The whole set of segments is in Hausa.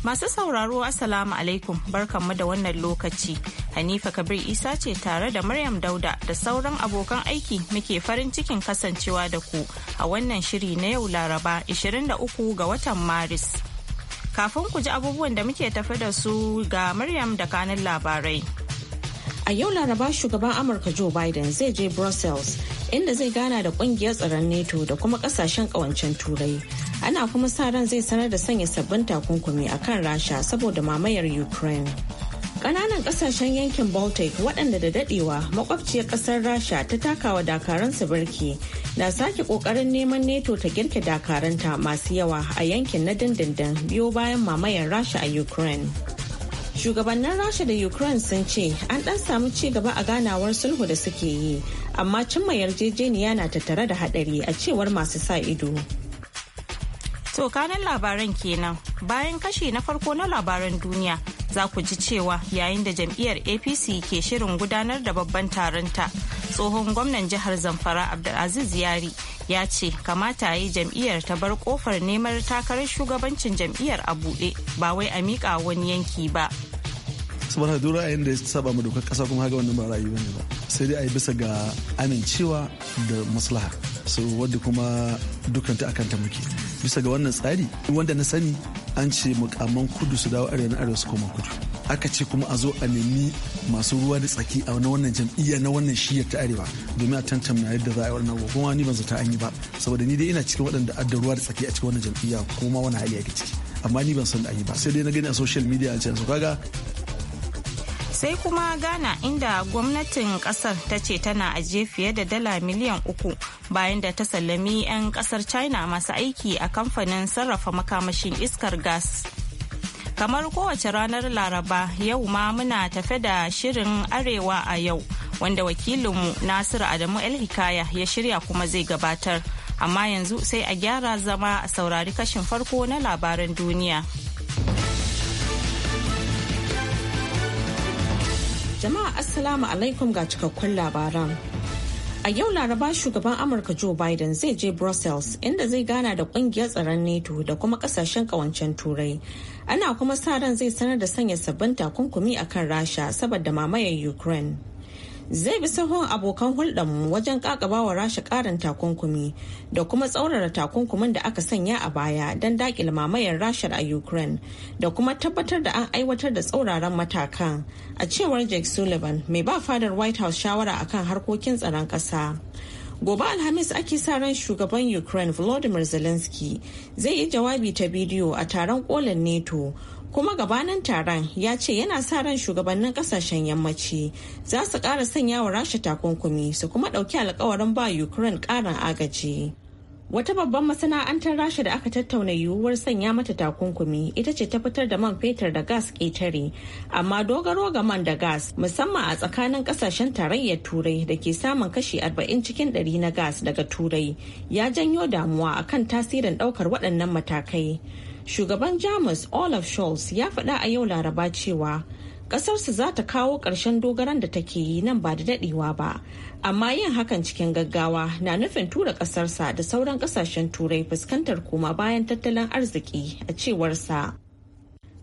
Masu sauraro Assalamu alaikum barkanmu da wannan lokaci. Hanifa Kabir Isa ce tare da Maryam Dauda da sauran abokan aiki muke farin cikin kasancewa da ku a wannan shiri na yau Laraba 23 ga watan Maris. Kafin ku ji abubuwan da muke tafi da su ga Maryam da kanin labarai. A yau Laraba shugaban Amurka Joe Biden zai je Brussels inda zai gana da kungiyar tsaron NATO da kuma kasashen kawancen turai. Ana kuma sa ran zai sanar da sanya sabbin takunkumi a kan Rasha saboda mamayar Ukraine. kananan kasashen yankin Baltic waɗanda da daɗewa makwabciyar ƙasar Rasha ta takawa dakaransu birki na sake ƙoƙarin neman neto ta girke dakaranta masu yawa a yankin na dindindin biyo bayan mamayar Rasha a Ukraine. shugabannin rasha da ukraine sun ce an dan samu ci gaba a ganawar sulhu da suke yi amma cimma yarjejeniya na tattare da hadari a cewar masu sa ido to kanan labaran kenan bayan kashi na farko na labaran duniya za ku ji cewa yayin da jam'iyyar apc ke shirin gudanar da babban taronta tsohon gwamnan jihar zamfara abdulaziz yari ya ce kamata yi jam'iyyar ta bar kofar neman takarar shugabancin jam'iyyar a buɗe ba wai a miƙa wani yanki ba. saboda duk ra'ayin da ya saba mu dokar kasa kuma haka wannan ba ra'ayi bane ba sai dai a yi bisa ga amincewa da maslaha so wadda kuma dukkan ta akan ta muke bisa ga wannan tsari wanda na sani an ce mukamman kudu su dawo arewa na arewa su koma kudu aka ce kuma a zo a nemi masu ruwa da tsaki a na wannan jam'iyya na wannan shiyar ta arewa domin a tantamna yadda za a yi wannan ba kuma ni ban zata an yi ba saboda ni dai ina cikin waɗanda adda ruwa da tsaki a cikin wannan jam'iyya kuma wani hali yake ciki amma ni ban san da an yi ba sai dai na gani a social media an ce kaga sai kuma ghana inda gwamnatin kasar ta ce tana ajiye fiye da dala miliyan uku bayan da ta sallami 'yan kasar china masu aiki a kamfanin sarrafa makamashin iskar gas kamar kowace ranar laraba yau ma muna tafe da shirin arewa a yau wanda wakilinmu nasiru adamu el ya shirya kuma zai gabatar amma yanzu sai a gyara zama a saurari kashin farko na labaran duniya. Jama'a Assalamu alaikum ga cikakkun labaran. A yau Laraba shugaban Amurka Joe Biden zai je Brussels inda zai gana da kungiyar tsaron NATO da kuma kasashen kawancen turai. Ana kuma sa ran zai sanar da sanya sabbin takunkumi kan Rasha saboda mamayar Ukraine. zai bi sahun abokan hulɗarmu wajen ƙaƙabawa rasha ƙarin takunkumi da kuma tsaurara takunkumin da aka sanya a baya don daƙile mamayar rashar a ukraine da kuma tabbatar da an aiwatar da tsauraran matakan a cewar jake sullivan mai ba fadar white house shawara akan harkokin tsaron ƙasa gobe alhamis ake sa ran shugaban ukraine volodymyr zelensky zai yi jawabi ta bidiyo a taron kolin nato kuma gabanin taron ya ce yana sa ran shugabannin kasashen yammaci za su ƙara sanya wa rasha takunkumi su kuma ɗauki alkawarin ba ukraine ƙarin agaji wata babban masana'antar rasha da aka tattauna yiwuwar sanya mata takunkumi ita ce ta fitar da man fetur da gas ƙetare amma dogaro ga man da gas musamman a tsakanin kasashen tarayyar turai da ke samun kashi 40 cikin 100 na gas daga turai ya janyo damuwa akan tasirin ɗaukar waɗannan matakai shugaban jamus olaf scholz ya faɗa a yau laraba cewa ƙasarsa za ta kawo ƙarshen dogaran da take yi nan ba da daɗewa ba amma yin hakan cikin gaggawa na nufin tura ƙasarsa da sauran ƙasashen turai fuskantar koma bayan tattalin arziki a cewarsa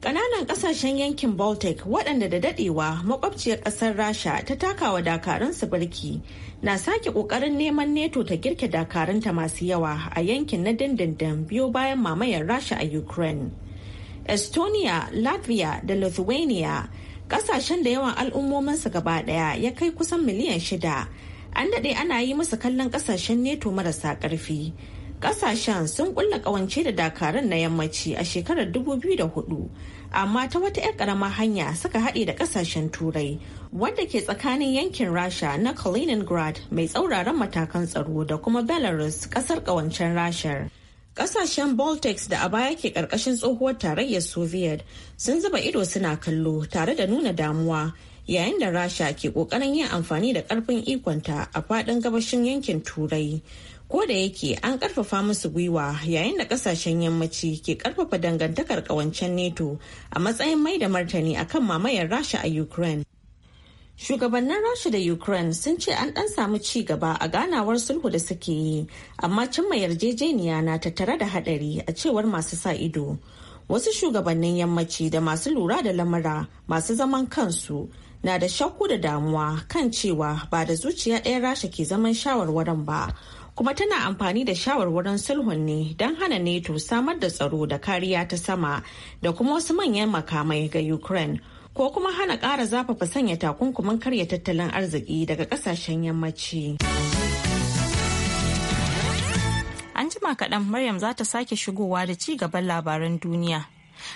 Ƙananan ƙasashen yankin Baltic waɗanda da daɗewa makwabciyar ƙasar Rasha ta takawa su birki na sake ƙoƙarin neman neto ta girke dakarunta masu yawa a yankin na dindindin biyo bayan mamayar Rasha a Ukraine. Estonia, Latvia da Lithuania ƙasashen da yawan al'ummominsu gaba ɗaya ya kai kusan miliyan shida. An daɗe ana yi musu kallon ƙasashen neto marasa ƙarfi. Kasashen sun kulla kawance da dakarun na yammaci a shekarar 2004, amma ta wata 'yar ƙaramar hanya suka haɗe da kasashen turai wanda ke tsakanin yankin rasha na Kaliningrad mai tsauraran matakan tsaro da kuma Belarus ƙasar kawancen rashar. Kasashen Baltics da a baya ke ƙarƙashin tsohuwar tarayyar Soviet sun zuba ido suna kallo tare da nuna damuwa yayin da Rasha ke ƙoƙarin yin amfani da ƙarfin ikonta a faɗin gabashin yankin Turai. ko da yake an karfafa musu gwiwa yayin da kasashen yammaci ke karfafa dangantakar kawancen neto a matsayin mai da martani akan mamayar rasha a ukraine shugabannin rasha da ukraine sun ce an dan samu ci gaba a ganawar sulhu da suke yi amma cimma yarjejeniya na tattare da hadari a cewar masu sa ido wasu shugabannin yammaci da masu lura da lamura masu zaman kansu na da shakku da damuwa kan cewa ba da zuciya ɗaya rasha ke zaman shawarwaran ba kuma tana amfani da shawarwarin sulhun ne don hana neto samar da tsaro da kariya ta sama da kuma wasu manyan makamai ga ukraine ko kuma hana ƙara zafafa sanya takunkumin karya tattalin arziki daga ƙasashen yammaci an jima kaɗan maryam za ta sake shigowa da ci gaban labaran duniya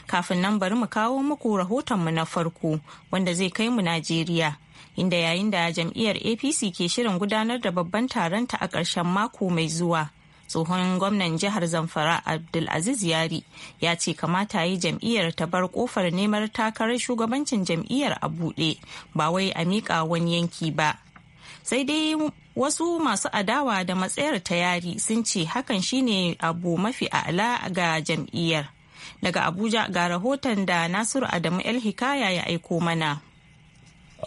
kafin nan bari mu kawo muku mu na farko wanda zai kai mu najeriya inda yayin da jam'iyyar apc ke shirin gudanar da babban taronta a ƙarshen mako mai zuwa tsohon gwamnan jihar zamfara abdulaziz yari ya ce kamata yi jam'iyyar ta bar kofar neman takarar shugabancin jam'iyyar a buɗe ba wai a miƙa wani yanki ba sai dai wasu masu adawa da matsayar ta yari sun ce hakan shine abu mafi a'la ga jam'iyyar daga abuja ga rahoton da nasiru adamu el hikaya ya aiko mana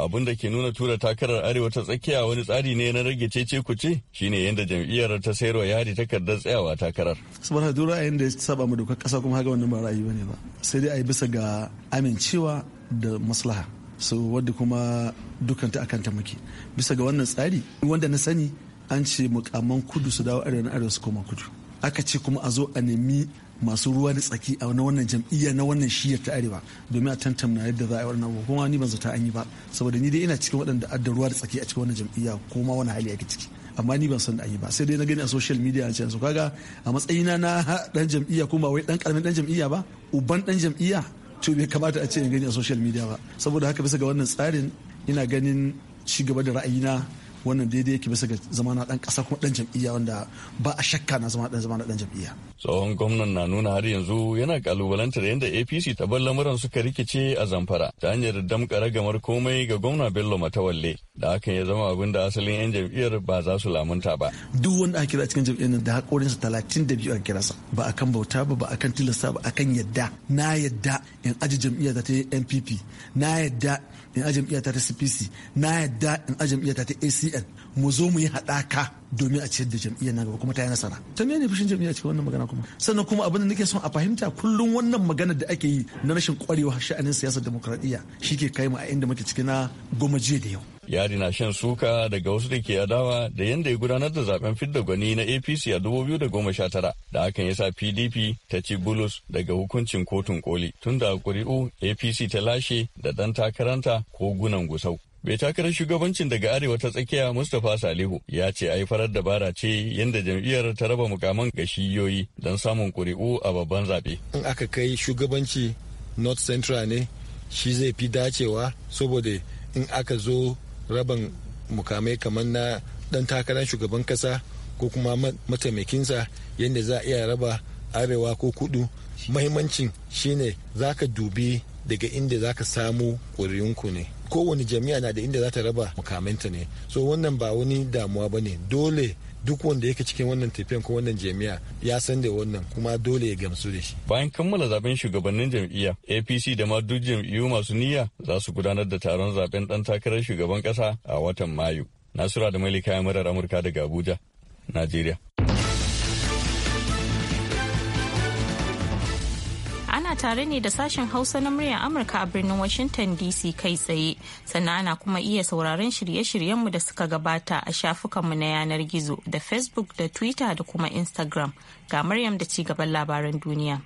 abin da ke nuna tura takarar arewa ta tsakiya wani tsari ne na rage cece kuce shine yadda jam'iyyar ta sayarwa yari takardar tsayawa takarar saboda duk ra'ayin da ya saba mu dokar kasa kuma haka wannan ba ra'ayi bane ba sai dai a yi bisa ga amincewa da maslaha so wadda kuma dukanta akan ta muke bisa ga wannan tsari wanda na sani an ce mukamman kudu su dawo arewa na arewa su koma kudu aka ce kuma a zo a nemi masu ruwa da tsaki a na wannan jam'iyya na wannan shiyar ta arewa domin a tantamna yadda za a yi wannan abu kuma ni ban zata an yi ba saboda ni dai ina cikin waɗanda adda ruwa da tsaki a cikin wannan jam'iyya ko ma wani hali ake ciki amma ni ban san da an yi ba sai dai na gani a social media an ce yanzu kaga a matsayina na dan jam'iyya kuma wai dan karamin dan jam'iyya ba uban dan jam'iyya to bai kamata a ce in gani a social media ba saboda haka bisa ga wannan tsarin ina ganin ci gaba da ra'ayina wannan daidai yake bisa ga zama na dan kasa kuma dan jam'iyya wanda ba a shakka na zama dan zama na dan jam'iyya tsohon gwamnan na nuna har yanzu yana kalubalantar yadda APC ta bar lamuran suka rikice a Zamfara ta hanyar damka ragamar komai ga gwamna Bello Matawalle da hakan ya zama abin da asalin 'yan jam'iyyar ba za su lamunta ba. Duk wanda aka kira cikin jam'iyyar da haƙorinsa talatin da biyu a sa ba a kan bauta ba ba a kan tilasta ba a kan yadda na yadda in aji jam'iyyar ta NPP na yadda in aji jam'iyyar ta CPC na yadda in aji jam'iyyar ta mu zo mu yi haɗaka domin a ciyar da jam'iyyar nan gaba kuma ta yi nasara ta ne fushin jam'iyya cikin wannan magana kuma sannan kuma abin da nake son a fahimta kullum wannan magana da ake yi na rashin kwarewa sha'anin siyasar demokradiyya shi ke kai mu a inda muke cikin na goma jiya da yau yari na shan suka daga wasu da ke adawa da yadda ya gudanar da zaben fidda gwani na apc a biyu da goma sha tara hakan ya sa pdp ta ci bulus daga hukuncin kotun koli tun da kuri'u apc ta lashe da dan takaranta ko gunan gusau mai takarar shugabancin daga arewa ta tsakiya Mustapha Salihu ya ce ai farar dabara ce yadda jam'iyyar ta raba mukaman ga shiyoyi don samun kuri'u a babban zaɓe. In aka kai shugabanci North Central ne shi zai fi dacewa saboda in aka zo raban mukamai kamar na ɗan takarar shugaban ƙasa ko kuma mataimakinsa yadda za a iya raba arewa ko kudu mahimmancin shine za ka dubi daga inda za ka samu ƙuri'unku ne kowane jami'a na da inda za ta raba makamanta ne so wannan ba wani damuwa ba ne dole duk wanda yake cikin wannan tafiyan ko wannan jami'a ya san da wannan kuma dole ya gamsu da shi. Bayan kammala zaben shugabannin jam'iyya, APC da ma duk jam'iyyu masu niyya za su gudanar da taron zaben dan takarar shugaban kasa a watan Mayu. Nasura da Malika ya murar Amurka daga Abuja, Najeriya. tare ne da sashen Hausa na muryar Amurka a birnin Washington DC kai tsaye. Sannan ana kuma iya sauraron shirye-shiryenmu da suka gabata a shafukanmu na yanar gizo da Facebook da Twitter da kuma Instagram. Ga Maryam da cigaban labaran duniya.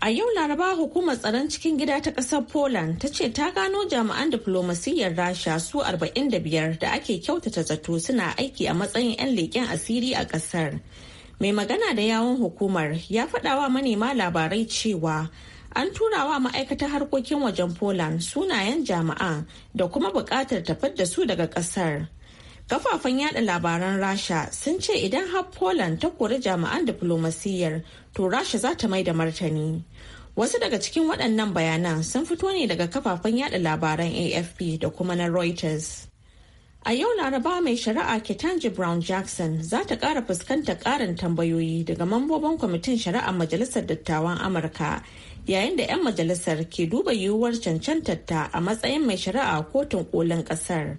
A yau Laraba hukumar tsaron cikin gida ta kasar Poland ta ce ta gano jami'an diflomasiyyar Rasha su 45 da ake kyautata zato suna aiki a matsayin 'yan leƙen asiri a ƙasar. mai magana da yawon hukumar ya faɗawa manema labarai cewa an tura wa ma'aikatar harkokin wajen poland sunayen jama'a da kuma buƙatar tafar da su daga ƙasar kafafen yada labaran rasha sun ce idan har poland ta kori jami'an diflomasiyyar to rasha za ta mai da martani wasu daga cikin waɗannan bayanan sun fito ne daga kafafen yada labaran afp da kuma na reuters A yau Laraba mai shari'a Ketanji Brown Jackson za ta ƙara fuskantar ƙarin tambayoyi daga mambobin kwamitin shari'a Majalisar Dattawan Amurka yayin da 'yan majalisar ke duba yiwuwar cancantar ta a matsayin mai shari'a kotun kolin ƙasar.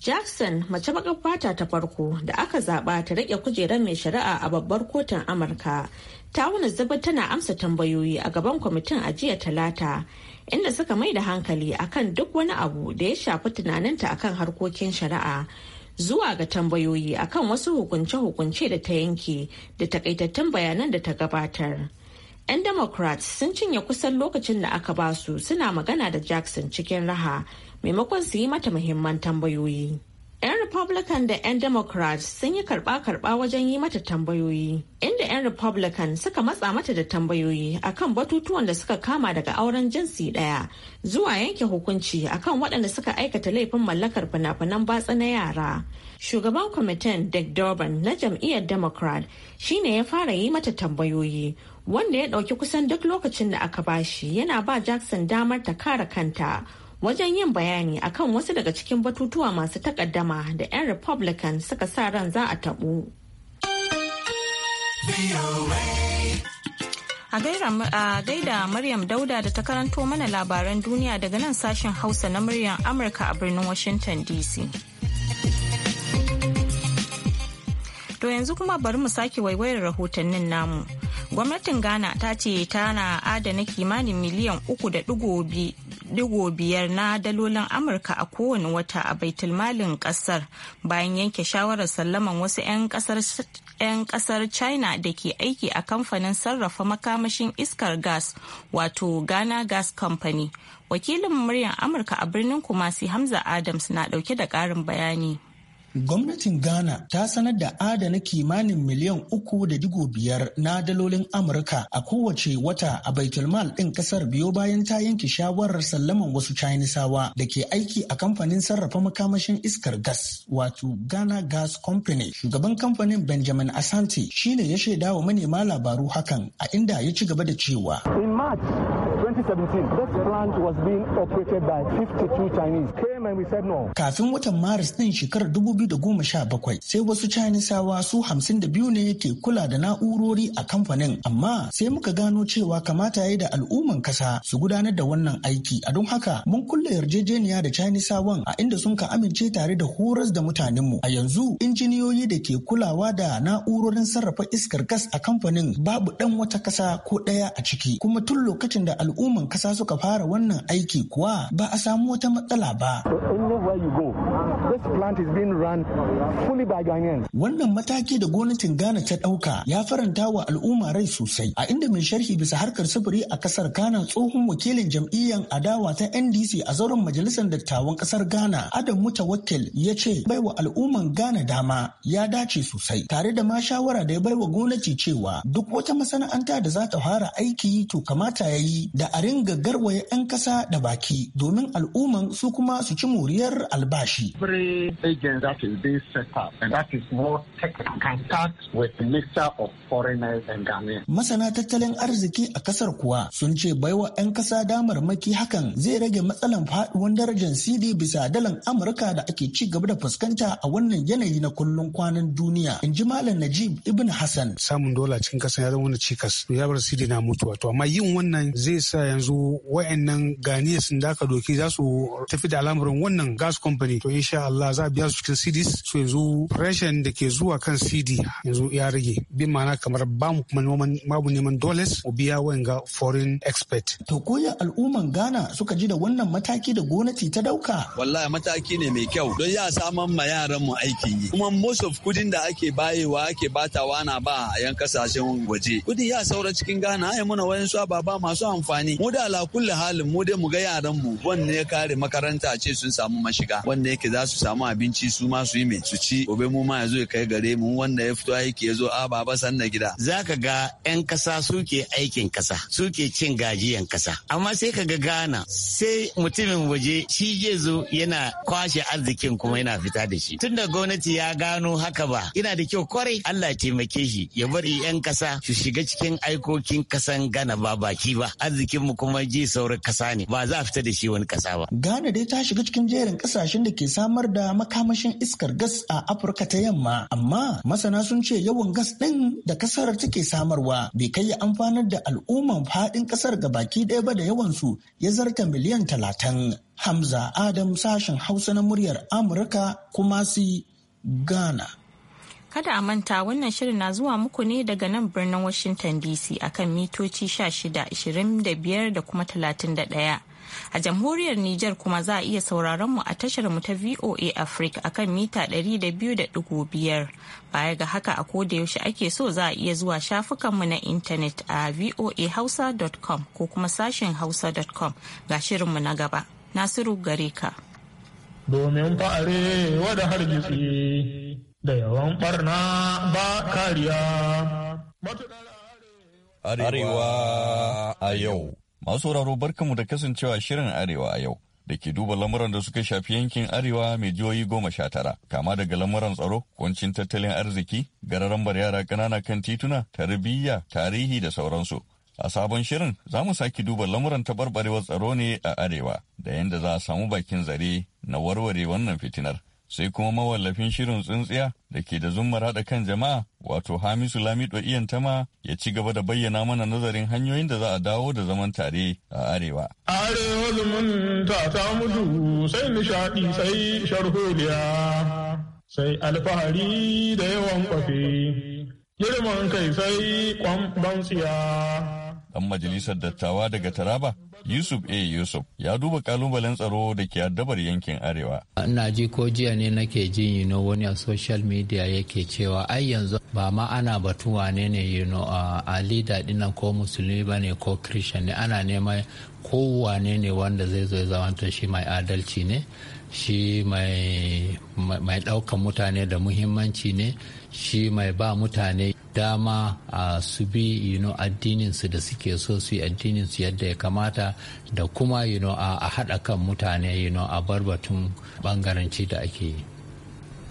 Jackson mace baƙar fata ta farko da aka zaba ta rike kujerar mai shari'a a babbar kotun Amurka. Ta wani zuba tana amsa tambayoyi a gaban kwamitin a talata inda suka mai da hankali akan duk wani abu da ya shafi tunaninta akan harkokin shari'a. Zuwa ga tambayoyi akan wasu hukunce-hukunce da ta yanke da takaitattun bayanan da ta gabatar. 'Yan Democrats sun cinye kusan lokacin da aka basu suna magana da Jackson cikin raha. maimakon su yi mata muhimman tambayoyi. 'Yan Republican da 'yan Democrat sun yi karɓa-karɓa wajen yi mata tambayoyi, inda 'yan Republican suka matsa mata da tambayoyi akan batutuwan da suka kama daga auren jinsi ɗaya zuwa yanke hukunci akan waɗanda suka aikata laifin mallakar fina-finan batsa na yara. Shugaban kwamitin Dick Durban na jam'iyyar Democrat shine ya fara yi mata tambayoyi, wanda ya ɗauki kusan duk lokacin da aka bashi yana ba Jackson damar ta kare kanta. wajen yin bayani akan wasu daga cikin batutuwa masu takaddama da 'yan republican suka sa ran za a taɓo. a gaida Maryam Dauda da ta karanto mana labaran duniya daga nan sashen Hausa na muryar Amurka a birnin Washington DC. To yanzu kuma bari mu sake waiwayar rahotannin namu. gwamnatin ghana ta ce tana adana kimanin miliyan uku da digo biyar na dalolin amurka a kowane wata a baitulmalin kasar bayan yanke shawarar sallaman wasu 'yan kasar china da ke aiki a kamfanin sarrafa makamashin iskar gas wato ghana gas company wakilin muryar amurka a birnin kumasi hamza adams na dauke da karin bayani gwamnatin Ghana ta sanar da adana kimanin miliyan uku da digo biyar na dalolin Amurka a kowace wata a baitulmal ɗin ƙasar biyo bayan ta yanke shawarar sallaman wasu chinese da ke aiki a kamfanin sarrafa makamashin iskar gas wato Ghana Gas Company. Shugaban kamfanin Benjamin Asante shine ya shaida wa manema labaru hakan a inda ya ci gaba da cewa. was operated by Kafin watan Maris din shekarar 2017 sai wasu Chinesawa su 52 ne ke kula da na'urori a kamfanin amma sai muka gano cewa kamata ya da al'umman kasa su gudanar da wannan aiki a don haka mun kulle yarjejeniya da Chinesawan a inda sun ka amince tare da horas da mutanenmu a yanzu injiniyoyi da ke kulawa da na'urorin sarrafa iskar gas a kamfanin babu dan wata kasa ko daya a ciki kuma tun lokacin da al'umma hukumar kasa suka fara wannan aiki kuwa ba a samu wata matsala ba. Wannan mataki da gwamnatin Ghana ta ɗauka ya faranta wa al'umma rai sosai a inda mai sharhi bisa harkar sufuri a kasar Ghana tsohon wakilin jam'iyyar adawa ta NDC a zauren majalisar dattawan kasar Ghana Adam Mutawakkil ya ce bai wa al'umman Ghana dama ya dace sosai tare da ma shawara da ya bai wa gwamnati cewa duk wata masana'anta da za ta fara aiki to kamata ya yi da a ringa garwaye 'yan kasa da baki domin al'umman su kuma su ci moriyar albashi. Masana tattalin arziki a kasar kuwa sun ce baiwa 'yan kasa damar maki hakan zai rage matsalan faduwan darajar CD bisa dalan Amurka da ake ci gaba da fuskanta a wannan yanayi na kullum kwanan duniya. In ji Malam Najib Ibn Hassan. Samun dola cikin kasan ya zama wani cikas. Ya bar CD na mutuwa. To amma yin wannan zai sa yanzu wa'annan ganiyar sun da aka doki za su tafi da alamarin wannan gas company to insha Allah za a biya su cikin cds so yanzu pressure da ke zuwa kan cd yanzu ya rage bi ma'ana kamar ba mu kuma neman babu neman dollars mu biya ga foreign expert to ya al'umman Ghana suka ji da wannan mataki da gwamnati ta dauka wallahi mataki ne mai kyau don ya saman ma yaran mu aikin yi kuma most of kudin da ake bayewa ake batawa na ba a yan kasashen waje kudin ya saura cikin Gana ai muna wayan su baba masu amfani mu da ala kulli halin mu dai mu ga yaran mu wanda ya kare makaranta ce sun samu mashiga wanda yake za su samu abinci su ma su yi mai su ci gobe mu ma ya zo ya kai gare mu wanda ya fito aiki ya zo a baba san na gida zaka ga yan kasa suke aikin kasa suke cin gajiyan kasa amma sai ka ga gana sai mutumin waje shi zai zo yana kwashe arzikin kuma yana fita da shi tunda gwamnati ya gano haka ba ina da kyau kwarai Allah ya taimake shi ya bari yan kasa su shiga cikin aikokin kasan gana ba baki ba arzikin cikin mu kuma ji saurin kasa ne ba za a fita da shi wani kasa ba Ghana dai ta shiga cikin jerin kasashen da ke samar da makamashin iskar gas a Afirka ta yamma amma masana sun ce yawan gas din da kasar take samarwa bai kai ya amfanar da al'umman faɗin kasar ga baki ɗaya ba da yawan su ya zarta miliyan talatin Hamza Adam sashen Hausa na muryar Amurka kuma si Ghana. Kada a manta wannan shirin na zuwa muku ne daga nan birnin Washington DC akan mitoci 16, 25 da kuma 31. a jamhuriyar Nijar kuma za a iya sauraron mu a tashar mu ta VOA Africa akan mita 200.5 baya ga haka a koda yaushe ake so za a iya zuwa shafukan mu na intanet a voahausa.com ko kuma sashin hausa.com ga shirin mu na gaba Nasiru gare ka domin fa'are da hargitsi da yawan barna ba kariya. Arewa a yau. Masu sauraro barkanmu da kasancewa shirin Arewa a yau. da ke duba lamuran da suka shafi yankin arewa mai jihohi goma sha tara kama daga lamuran tsaro kuncin tattalin arziki gararambar yara ƙanana kan tituna tarbiyya tarihi da sauransu a sabon shirin za mu sake duba lamuran taɓarɓarewar tsaro ne a arewa da yadda za a samu bakin zare na warware wannan fitinar sai kuma mawallafin shirin tsintsiya da ke da zummar haɗa kan jama'a wato hamisu lamido iyan tama ya ci gaba da bayyana mana nazarin hanyoyin da za a dawo da zaman tare a arewa arewa zumunta ta mutu sai nishaɗi sai sharholiya sai alfahari da yawan kwafe girman kai sai kwamban tsiya dan majalisar dattawa daga taraba Yusuf A. Yusuf ya duba kalubalen tsaro da ke addabar yankin Arewa. Ina ji ko jiya ne nake jin yi wani a social media yake cewa ai yanzu ba ma ana batu wane ne yi a leader ko musulmi ba ne ko christian ne ana nema kowane ne wanda zai zo ya zamanta shi mai adalci ne shi mai ɗaukan mutane da muhimmanci ne shi mai ba mutane dama a su bi you addininsu da suke so su yi addininsu yadda ya kamata da kuma you know, a haɗa kan mutane you know, a barbatun bangaranci da ake yi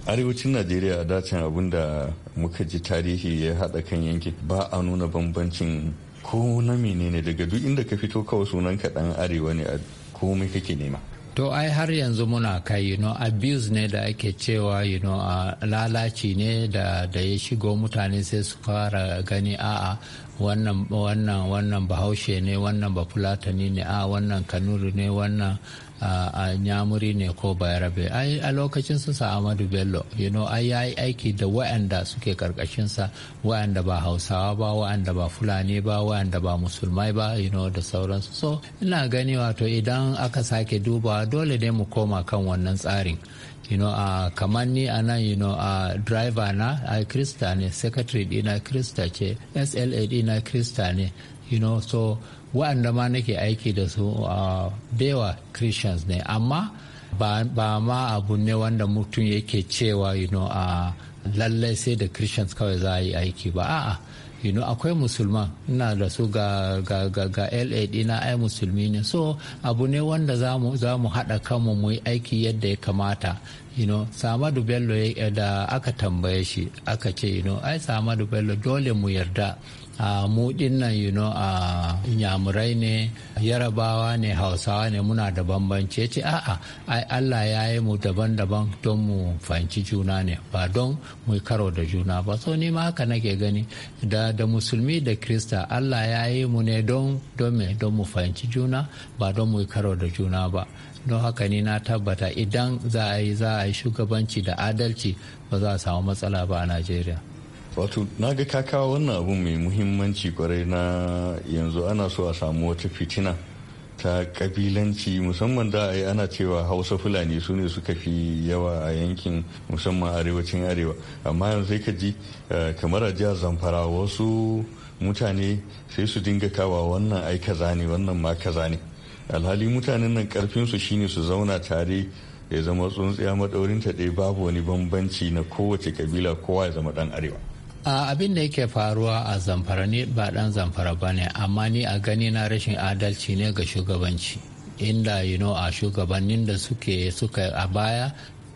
arewacin najeriya a dacin abin da muka ji tarihi ya haɗa kan yanki ba a nuna bambancin ko na menene daga duk inda ka fito kawai sunan ka dan arewa ne a komai kake nema to ai har yanzu muna kai you know abuse ne da ake cewa you know a lalaci ne da da ya shigo mutane sai su fara gani a'a wannan wannan wannan bahaushe ne wannan bafulatani ne a wannan kanuri ne wannan a nyamuri ne ko bayarabe ai a lokacin sa Ahmadu Bello you know ai yi aiki da wa'anda suke karkashin sa wa'anda ba Hausawa ba wa'anda ba Fulani ba wa'anda ba musulmai ba you know da sauransu so ina gani wato idan aka sake dubawa dole ne mu koma kan wannan tsarin you know uh, kamar ni a nan you know uh, driver na a krista ne secretary dina krista ce sla dina krista ne you know so waɗanda ma nake aiki da su a dewa christians ne amma ba ma abu ne wanda mutum yake cewa you know, a lallai sai da christians kawai za a yi aiki ba a'a you know, akwai musulman ina da su ga, ga, ga, ga la dina ai musulmi ne so abu ne wanda za mu haɗa kanmu mu yi aiki yadda ya kamata you know, samadu bello da aka tambaye shi aka ce you know, ai samadu bello dole mu yarda a mu nan you know a nyamurai ne yarabawa ne hausawa ne muna da bambanci ce a'a ai Allah ya yi mu daban-daban don mu fahimci juna ne ba don mu karo da juna ba so ni ma haka nake gani da da musulmi da krista Allah ya yi mu ne don don me don mu fahimci juna ba don mu karo da juna ba don haka ni na tabbata idan za a za a yi shugabanci da adalci ba za a samu matsala ba a Najeriya. wato na ga kawo wannan abun mai muhimmanci kwarai na yanzu ana so a samu wata fitina ta kabilanci musamman da yi ana cewa hausa fulani su ne suka fi yawa a yankin musamman arewacin arewa amma yanzu sai ka ji eh, kamar a jihar zamfara wasu mutane sai su dinga kawa wannan ai kaza ne wannan ma kaza ne alhali mutanen nan karfinsu shine su zauna tare ya zama tsuntsiya maɗaurinta ɗaya babu wani bambanci na kowace kabila kowa ya zama ɗan arewa abin da yake faruwa a zamfara ne ba dan zamfara ba ne amma ni a gani na rashin adalci ne ga shugabanci inda you know, a shugabannin da suke suka a baya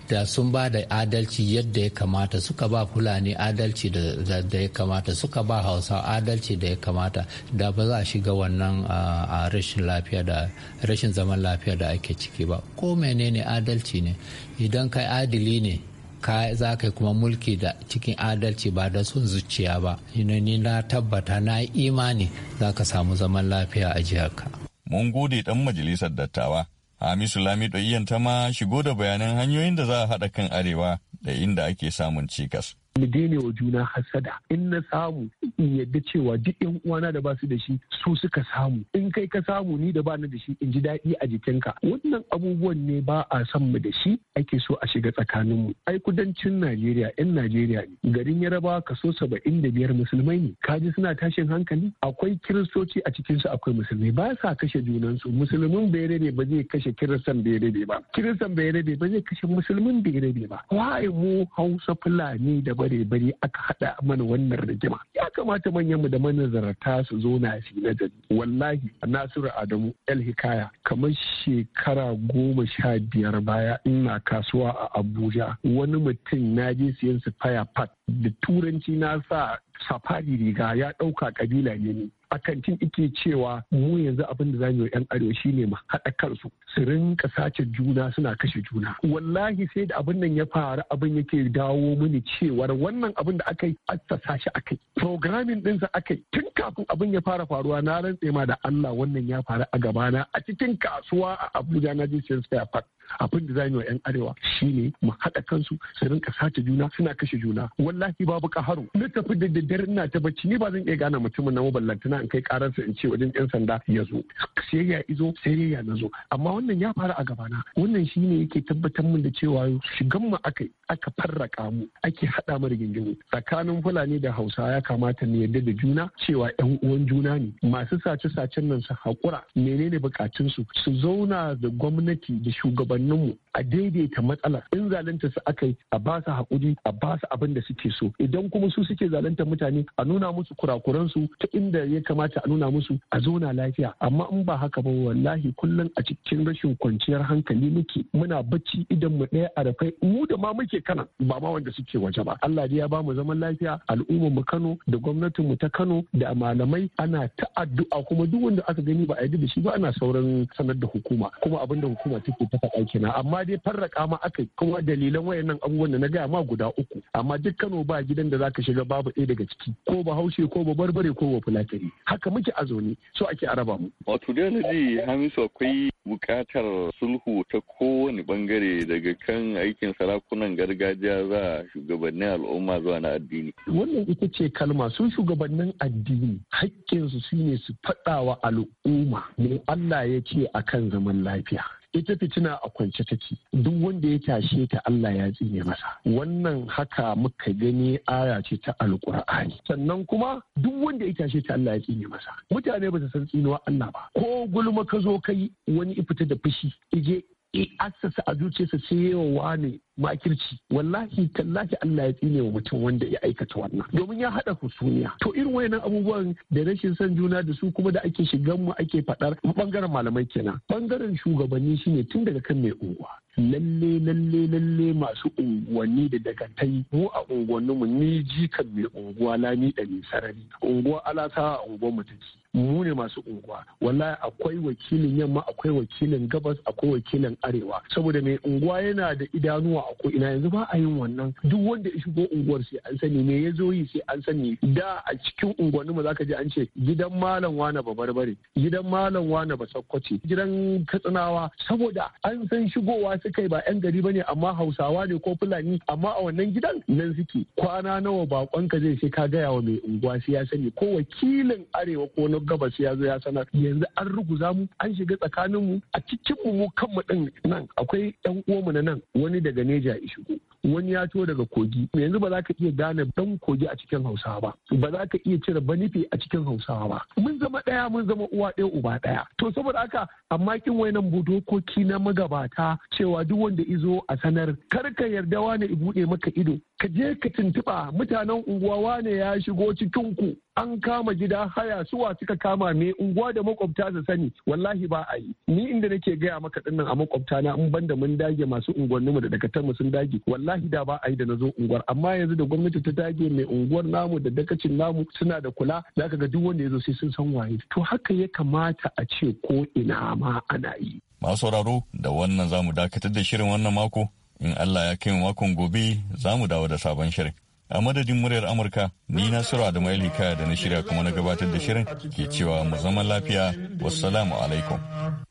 da sun ba da adalci yadda ya kamata suka ba fulani adalci da ya kamata suka ba hausa adalci da ya kamata da ba za a shiga wannan a rashin lafiya da rashin zaman lafiya da ake ciki ba ko menene adalci ne idan kai adili ne ka za ka kuma mulki da cikin adalci ba da sun zuciya ba ni na tabbata na yi imani za ka samu zaman lafiya a jiharka. mun gode dan majalisar dattawa hamisu lamido iyan ta ma shigo da bayanan hanyoyin da za a haɗa kan arewa da inda ake samun cikas mu daina wa juna hasada in na samu in yadda cewa duk yan uwana da basu da shi su suka samu in kai ka samu ni da bani da shi in ji daɗi a jikinka wannan abubuwan ne ba a san mu da shi ake so a shiga tsakaninmu ai kudancin Najeriya yan Najeriya ne garin Yaraba kaso saba'in da biyar musulmai ne kaji suna tashin hankali akwai kiristoci a cikin su akwai musulmai ba sa kashe junansu musulmin bere ne ba zai kashe kiristan bere ne ba kiristan bere ne ba zai kashe musulmin bere ne ba wa'ai mu Hausa Fulani da bare-bare aka haɗa mana wannan rigima ya kamata manyan mu da manazarta su zo na shi na wallahi nasiru adamu el hikaya kamar shekara goma sha biyar baya ina kasuwa a abuja wani mutum na je siyan su faya pat da turanci na sa safari riga ya ɗauka kabila ne a kantin ike cewa mu yanzu abin da zamu yi yan arewa shine mu haɗa kansu su rinka sace juna suna kashe juna wallahi sai da abin nan ya faru abin yake dawo mini cewa. wannan abin da aka yi assasa akai programming ɗinsa akai tun kafin abin ya fara faruwa na rantse ma da Allah wannan ya faru a gabana a cikin kasuwa a Abuja na je Sales Fair Park abin da za yi wa 'yan arewa shine mu haɗa kansu su rinka sace juna suna kashe juna wallahi babu kaharo na tafi da daddare ina ta bacci ni ba zan iya gane mutumin na maballantana in kai karansa in ce wajen 'yan sanda ya zo sai ya izo sai ya na amma wannan ya fara a gabana wannan shine yake tabbatar min da cewa shigan mu aka aka farraka mu ake haɗa mu rigingimu tsakanin fulani da hausa ya kamata mu yarda da juna cewa 'yan uwan juna ne masu sace-sacen nan su haƙura menene bukatunsu su zauna da gwamnati da shugaban shugabanninmu a daidaita matsalar in zalunta su aka yi a ba su haƙuri a ba su abin da suke so idan kuma su suke zalunta mutane a nuna musu kurakuransu ta inda ya kamata a nuna musu a zauna lafiya amma in ba haka ba wallahi kullum a cikin rashin kwanciyar hankali muke muna bacci idan mu ɗaya a rafai mu da ma muke kana ba ma wanda suke waje ba Allah dai ya ba mu zaman lafiya al'ummar mu Kano da gwamnatin mu ta Kano da malamai ana ta addu'a kuma duk wanda aka gani ba a yi da shi ba ana sauran sanar da hukuma kuma abin da hukuma take ta faɗa kenan amma dai farraka ma aka kuma dalilan wayannan abubuwan da na gaya ma guda uku amma duk Kano ba gidan da zaka shiga babu ɗaya daga ciki ko ba haushe ko ba barbare ko ba fulatari haka muke a zaune so ake araba mu wato dai na ji Hamisu akwai bukatar sulhu ta kowane bangare daga kan aikin sarakunan gargajiya za shugabannin al'umma zuwa na addini. Wannan ita ce kalma sun shugabannin addini hakkinsu su ne su faɗawa al'umma ne Allah ya ce akan zaman lafiya. ita fitina a kwance take duk wanda ya tashe ta Allah ya tsine masa wannan haka muka gani aya ce ta alkur'ani sannan kuma duk wanda ya tashe ta Allah ya tsine masa mutane ba su san tsinuwa Allah ba ko gulma ka zo kai wani ifita da fushi ije i assasa a zuciyarsa sai yawa ne makirci wallahi tallahi Allah ya tsine wa mutum wanda ya aikata wannan domin ya hada husuniya to irin wayannan abubuwan da rashin son juna da su kuma da ake shigan mu ake fadar bangaren malamai kenan bangaren shugabanni shine tun daga kan mai unguwa lalle lalle lalle masu unguwanni da dagatai mu a mu ni jikan mai unguwa lami da ni sarari unguwa alasa a unguwar mu take mu ne masu unguwa wallahi akwai wakilin yamma akwai wakilin gabas akwai wakilin arewa saboda mai unguwa yana da idanuwa a ko ina yanzu ba a yin wannan duk wanda ya shigo unguwar sai an sani me ya zo yi sai an sani da a cikin unguwanni mu zaka je an ce gidan malam wane ba barbare gidan malam wane ba sakkwace gidan katsinawa saboda an san shigowa sukai yi ba yan gari bane amma hausawa ne ko fulani amma a wannan gidan nan suke kwana nawa bakonka zai sai ka gaya wa mai unguwa sai ya sani ko wakilin arewa ko na gabas ya zo ya sanar yanzu an ruguza mu an shiga tsakanin mu a cikin mu mu kanmu din nan akwai yan uwanmu na nan wani daga neja ya shigo wani ya to daga kogi yanzu ba za ka iya gane dan kogi a cikin hausawa ba ba za ka iya cire banife a cikin hausawa ba mun zama ɗaya mun zama uwa ɗaya uba ɗaya to saboda haka amma kin wayanan budokoki na magabata cewa duk wanda izo a sanar kar ka yarda wani i buɗe maka ido ka je ka tuntuɓa mutanen unguwa ne ya shigo cikin ku an kama gida haya suwa suka kama me unguwa da makwabta su sani wallahi ba a yi ni inda nake gaya maka dinnan a makwabta na in banda mun dage masu unguwanninmu da dakatar mu sun dage wallahi da ba a yi da nazo unguwar amma yanzu da gwamnati ta dage mai unguwar namu da dakacin namu suna da kula zaka ga duk wanda ya sai sun san waye to haka ya kamata a ce ko ina ma ana yi masu sauraro da wannan zamu dakatar da shirin wannan mako in Allah ya kai makon gobe za mu dawo da sabon shirin. A madadin muryar Amurka, ni Nasiru da Elika da na shirya kuma na gabatar da shirin ke cewa mu zama lafiya, wassalamu alaikum.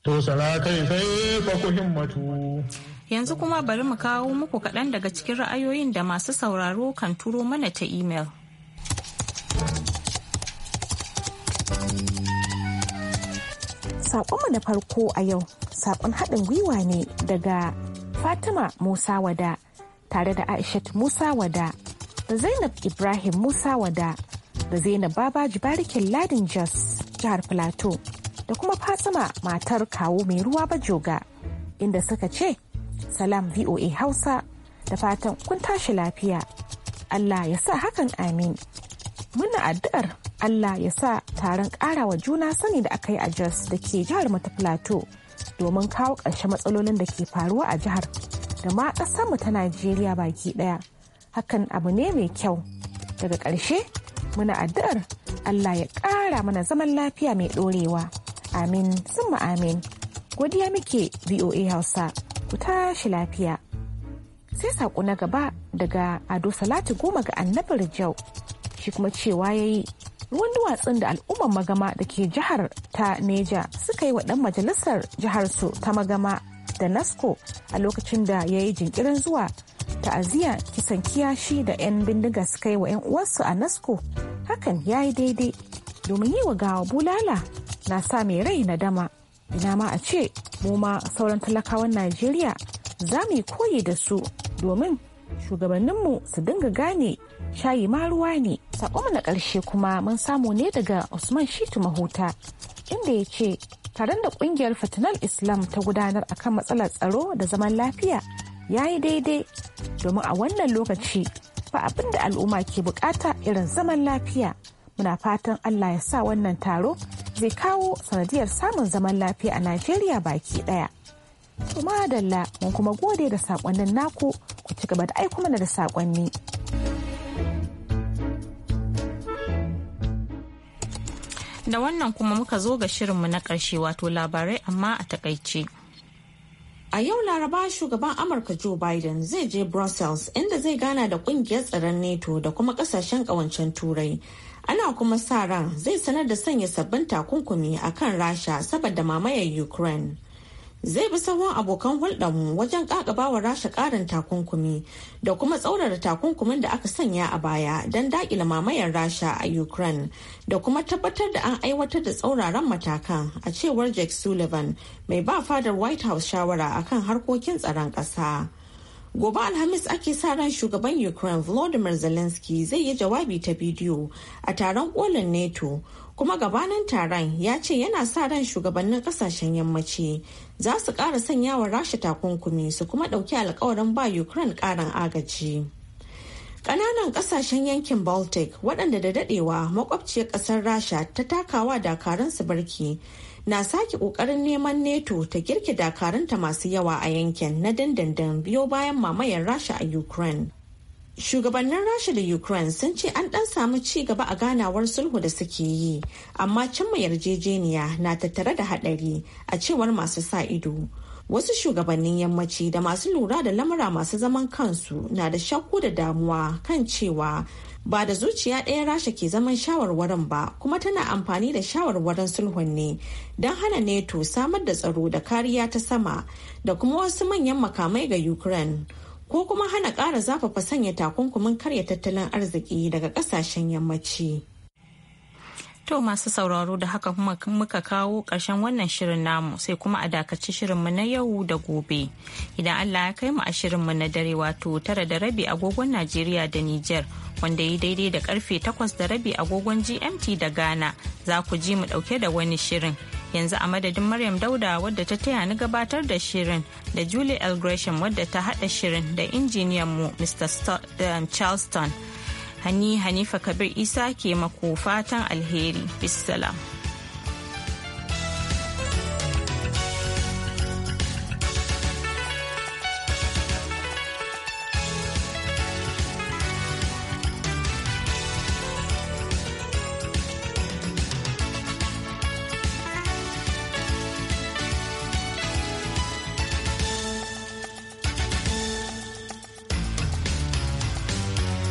To sai ku Yanzu kuma bari mu kawo muku kaɗan daga cikin ra'ayoyin da masu sauraro kan turo mana ta imel. Saƙonmu na farko a yau, saƙon haɗin gwiwa ne daga Fatima Musa Wada tare da Aishat Musa Wada da Zainab Ibrahim Musa Wada da Zainab Babaji Barikin Ladin Jos jihar Plateau da kuma Fatima matar kawo mai ruwa bajoga inda suka ce salam VOA Hausa da fatan kun tashi lafiya. Allah ya sa hakan amin. Muna addu'ar Allah ya sa taron karawa juna sani da aka yi a Jos da ke jihar mata Plateau domin kawo ƙarshen matsalolin da ke faruwa a jihar da ma mu ta najeriya baki ɗaya hakan abu ne mai kyau daga ƙarshe muna addu'ar allah ya ƙara mana zaman lafiya mai ɗorewa amin summa amin godiya muke voa hausa ku tashi lafiya sai saƙo na gaba daga ado salatu goma ga annabar jau shi kuma cewa ya yi ruwan duwatsun da al'ummar magama da ke jihar ta neja suka yi wa dan majalisar jihar su ta magama da nasco a lokacin da ya yi jinkirin zuwa ta'aziyya kisan kiyashi da 'yan bindiga suka yi wa 'yan uwansu a nasco hakan ya yi daidai domin yi wa gawa bulala na sa mai rai na dama ina ma a ce mu ma sauran talakawan najeriya za mu yi koyi da su domin shugabanninmu su dinga gane shayi ma ruwa ne mu na ƙarshe kuma mun samu ne daga usman shitu mahuta inda ya ce taron da ƙungiyar fitinar islam ta gudanar a kan matsalar tsaro da zaman lafiya ya yi daidai domin a wannan lokaci ba abin da al'umma ke bukata irin zaman lafiya muna fatan allah ya sa wannan taro zai kawo sanadiyar samun zaman lafiya a najeriya baki daya kuma dalla mun kuma gode da sakonnin naku ku ci gaba da aiko mana da saƙonni Da wannan kuma muka zo ga shirinmu na ƙarshe wato labarai amma a takaice. A yau Laraba shugaban Amurka Joe Biden zai je Brussels inda zai gana da kungiyar tsaron NATO da kuma kasashen ƙawancen turai. Ana kuma sa ran zai sanar da sanya sabbin takunkumi a kan Rasha saboda mamayar Ukraine. zai bi sahun abokan hulɗarmu wajen ƙaƙabawa rasha ƙarin takunkumi da kuma tsaurara takunkumin da aka sanya a baya don daƙila mamayar rasha a ukraine da kuma tabbatar da an aiwatar da tsauraran matakan a cewar jake sullivan mai ba fadar white house shawara kan harkokin tsaron ƙasa gobe alhamis ake sa ran shugaban ukraine volodymyr zelensky zai yi jawabi ta bidiyo a taron kolin nato kuma gabanin taron ya ce yana sa ran shugabannin kasashen yammaci za su ƙara sanya wa rasha takunkumi su kuma ɗauki alkawarin ba ukraine ƙarin agaji ƙananan ƙasashen yankin baltic waɗanda da daɗewa makwabciyar ƙasar rasha ta takawa su barki na sake ƙoƙarin neman neto ta girke dakarunta masu yawa a yankin na dindindin biyo bayan mamayar rasha a ukraine Shugabannin Rasha da Ukraine sun ce an ɗan samu ci gaba a ganawar sulhu da suke yi, amma cimma yarjejeniya na tattare da haɗari a cewar masu sa ido. Wasu shugabannin yammaci da masu lura da lamura masu zaman kansu na da shakku da damuwa kan cewa ba da zuciya ɗaya rasha ke zaman shawarwarin ba kuma tana amfani da shawarwarin sulhun ne don hana neto samar da tsaro da kariya ta sama da kuma wasu manyan makamai ga ukraine ko kuma hana ƙara zafafa sanya takunkumin karya tattalin arziki daga ƙasashen yammaci. To masu sauraro da haka kuma muka kawo ƙarshen wannan shirin namu sai kuma a dakaci shirinmu na yau da gobe. Idan Allah ya kai mu a shirinmu na dare wato tara da rabi agogon Najeriya da Nijar wanda yi daidai da karfe takwas da rabi agogon GMT da Ghana za ku ji mu ɗauke da wani shirin. yanzu a madadin maryam dauda wadda ta taya ni gabatar da shirin da julie l gresham wadda ta hada shirin da injiniyan mu mr um, charleston hani hanifa kabir isa ke mako fatan alheri bisalam.